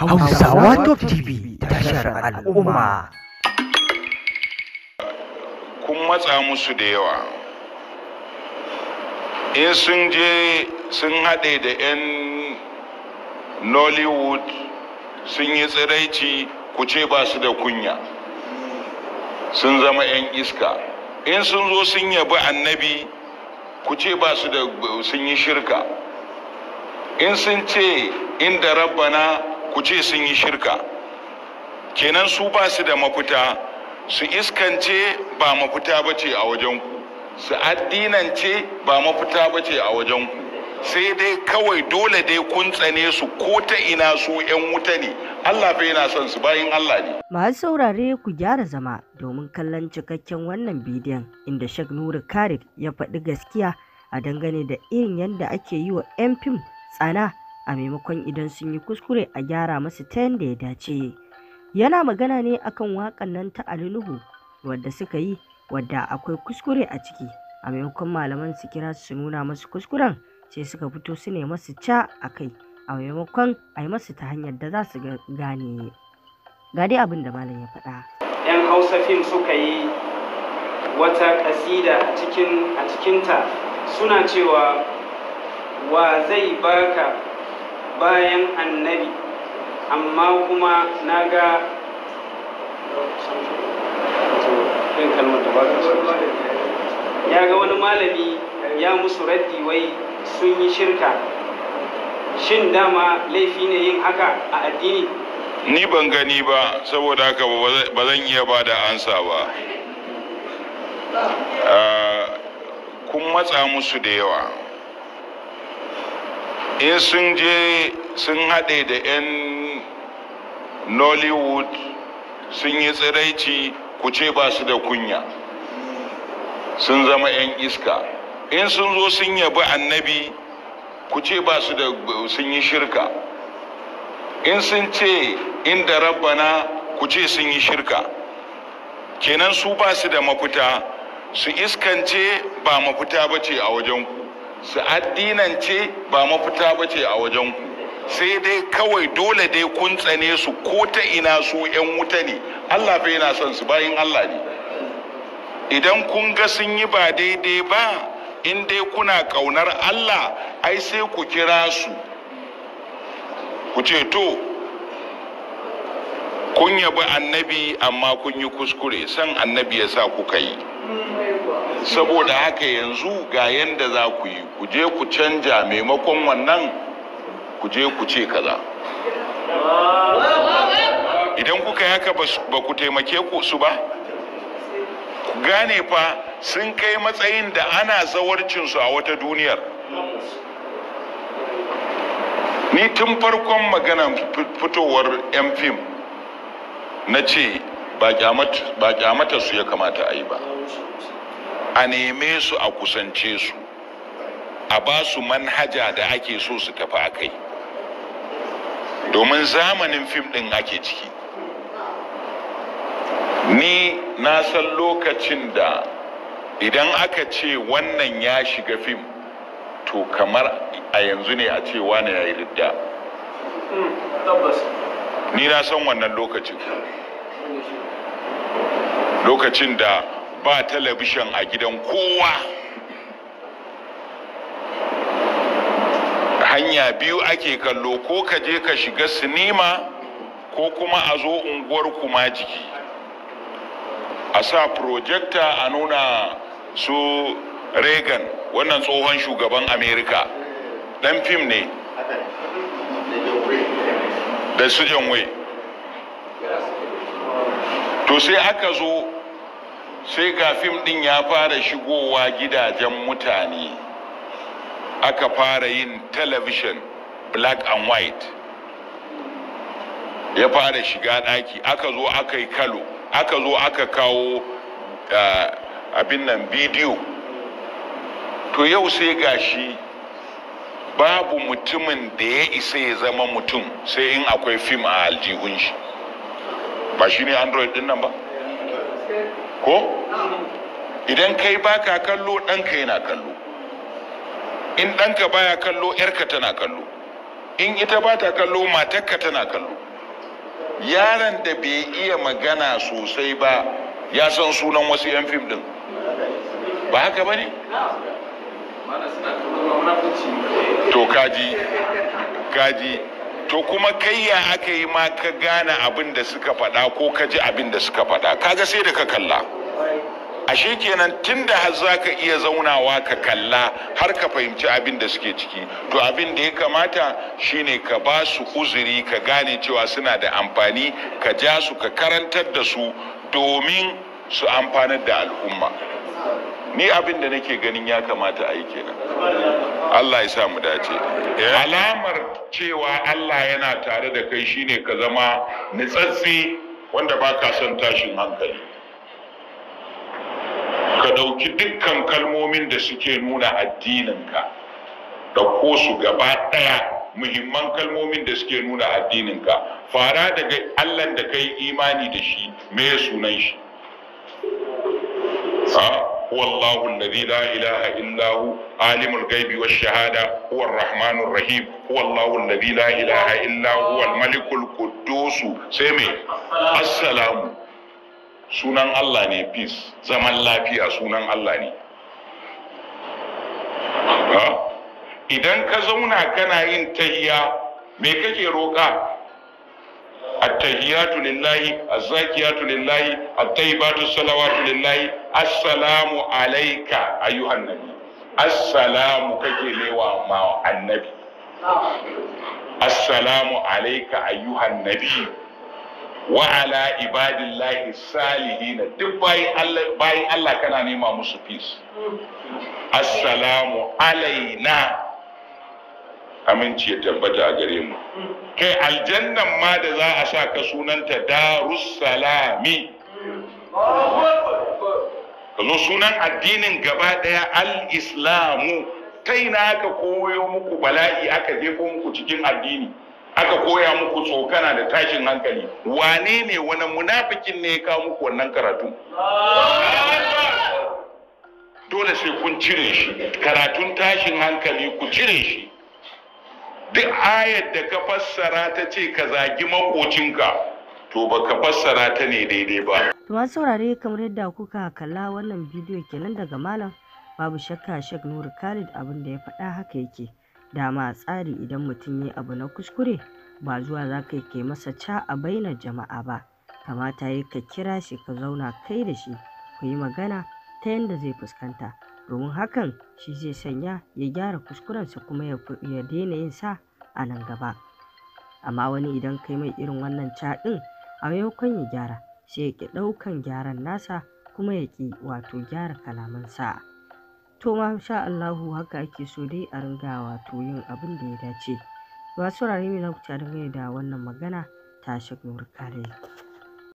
Hausawa Top TV tashar al'umma. Kun matsa musu da yawa. In eh, sun je sun haɗe da 'yan Nollywood sun yi tsiraici ku ce ba su da kunya. Sun zama 'yan iska. In sun zo sun yabi annabi ku ce ba su da sun yi shirka. In sun ce inda rabbana ku ce sun yi shirka kenan su ba su da mafita su iskance ba mafita ba ce a wajenku su addinance ba mafita ba ce a wajenku sai dai kawai dole dai kun tsane su ko ta ina su 'yan wuta ne Allah bai yana son su bayan Allah ne. Masu saurare ku gyara zama domin kallon cikakken wannan bidiyon inda Sheikh Nuru Karik ya faɗi gaskiya a dangane da irin yadda ake yi wa 'yan fim tsana a maimakon idan sun yi kuskure a gyara masu ta yadda ya dace yana magana ne akan waƙan nan ta Ali Nuhu wadda suka yi wadda akwai kuskure a ciki a maimakon malaman su kira su nuna masu kuskuren sai suka fito su ne masu ca a kai a maimakon a yi masu ta hanyar da za su gane ga dai abin da malam ya faɗa. 'yan hausa fim suka yi wata ƙasida a cikinta suna cewa wa zai baka bayan annabi amma kuma na ga ya ga wani malami ya musu raddi wai sun yi shirka shin dama laifi ne yin haka a addini ni ban gani ba saboda haka ba zan iya ba da ansa ba ah, kun matsa musu da yawa in eh, sun je sun haɗe da 'yan nollywood sun yi tsiraici ku ce ba su da kunya sun zama 'yan iska in sun zo sun yabi annabi ku ce ba su da sun yi shirka in sun ce inda rabbana ku ce sun yi shirka kenan su ba su da mafuta su iskance ba mafuta ba ce a wajenku su addinance ba mafita ba ce a wajen ku sai dai kawai dole dai kun tsane su ko ta ina su 'yan wuta ne allah bai yana son su bayan allah ne idan kun ga sun yi ba daidai ba in dai kuna kaunar allah ai sai ku kira su ku ce to kun yabi annabi amma kun yi kuskure san annabi ya sa kuka yi saboda haka yanzu ga yanda za ku yi ku je ku canja maimakon wannan ku je ku ce kaza idan kuka yi haka ba ku taimake su ba ku gane fa sun kai matsayin da ana su a wata duniyar ni tun farkon maganan fitowar 'yan fim na ce ba kyamata su ya kamata a yi ba a neme su a kusance su a ba su manhaja da ake so su tafi a kai domin zamanin fim ɗin ake ciki ni na san lokacin da idan aka ce wannan ya shiga fim to kamar a yanzu ne a cewa na ya yi ridda hmm, ni na san wannan lokacin lokacin da ba talabishin a gidan kowa hanya biyu ake kallo ko ka je ka shiga sinima ko kuma a zo unguwar kuma jiki a sa projector a nuna su reagan wannan tsohon shugaban Amerika. dan fim ne da su wai to sai aka zo sai ga fim din ya fara shigowa gidajen mutane aka fara yin television black and white ya fara shiga daki aka zo aka yi kalo aka zo aka kawo eh, abin nan bidiyo to yau sai gashi babu mutumin da ya isa ya zama mutum sai in akwai fim a aljihun shi ba shi ne android din nan ba ko idan kai baka kallo ɗanka yana kallo in ɗanka baya kallo yarka tana kallo in ita ba ta kallo matarka tana kallo yaron da bai iya magana sosai ba ya san sunan wasu 'yan fim din ba haka ba ne? to kaji kaji to kuma kai ya aka yi ma ka gane abin da suka faɗa ko ka ji abin da suka faɗa kaga sai da ka kalla ashe kenan da har za ka iya zaunawa ka kalla har ka fahimci abin da suke ciki to abin da ya kamata shine ka ba su uzuri ka gane cewa suna da amfani ka ja su ka karantar da su domin su amfanar da al'umma ni abin da nake ganin ya kamata a yi kenan Allah ya sa mu dace eh? alamar cewa Allah yana tare da kai shine ka zama nitsatsi wanda baka son tashin hankali ka ɗauki dukkan kalmomin da suke nuna addininka ɗauko su gaba ɗaya muhimman kalmomin da suke nuna addininka fara daga allah da kai imani da shi me sunan shi huwa Allahu alladhi la ilaha illa hu alimul shahada huwa arrahmanur rahim huwa Allahu alladhi la ilaha illa huwa al sai mai assalamu sunan Allah ne peace zaman lafiya sunan Allah ne idan ka zauna kana yin tahiya me kake roƙa التهيات لله الزاكيات لله الطيبات الصلوات لله السلام عليك أيها النبي السلام كي لوا مع النبي السلام عليك أيها النبي وعلى عباد الله الصالحين duk الله Allah kana nema musu peace assalamu alaina aminci ya tabbata a gare mu kai aljannan ma da za a sa ka sunanta darussalami ka zo sunan addinin gaba ɗaya al-islamu ta aka koyo muku bala'i aka jefo muku cikin addini aka koya muku tsokana da tashin hankali wane ne wani munafikin ne ya kawo muku wannan karatu dole sai kun cire shi karatun tashin hankali ku cire shi duk ayar da ka fassara ta ce ka zagi makocinka to ba ka fassara ta ne daidai ba. To masu saurare kamar yadda kuka kalla wannan bidiyo kenan daga malam babu shakka shak Nuru Khalid abin da ya faɗa haka yake. Dama tsari idan mutum ya abu na kuskure ba zuwa za ka ke masa ca a bainar jama'a ba. Kamata ya ka kira shi ka zauna kai da shi ku yi magana ta yadda zai fuskanta. domin hakan shi zai sanya ya gyara kuskurensa kuma ya daina yin sa a nan gaba amma wani idan kai mai irin wannan caɗin a maimakon ya gyara sai ya ƙi ɗaukan gyaran nasa kuma ya ƙi wato gyara kalamansa to ma sha Allahu haka ake so dai a ringa wato yin abin da ya dace ba saurare mai na kuta da wannan magana ta shiga kare.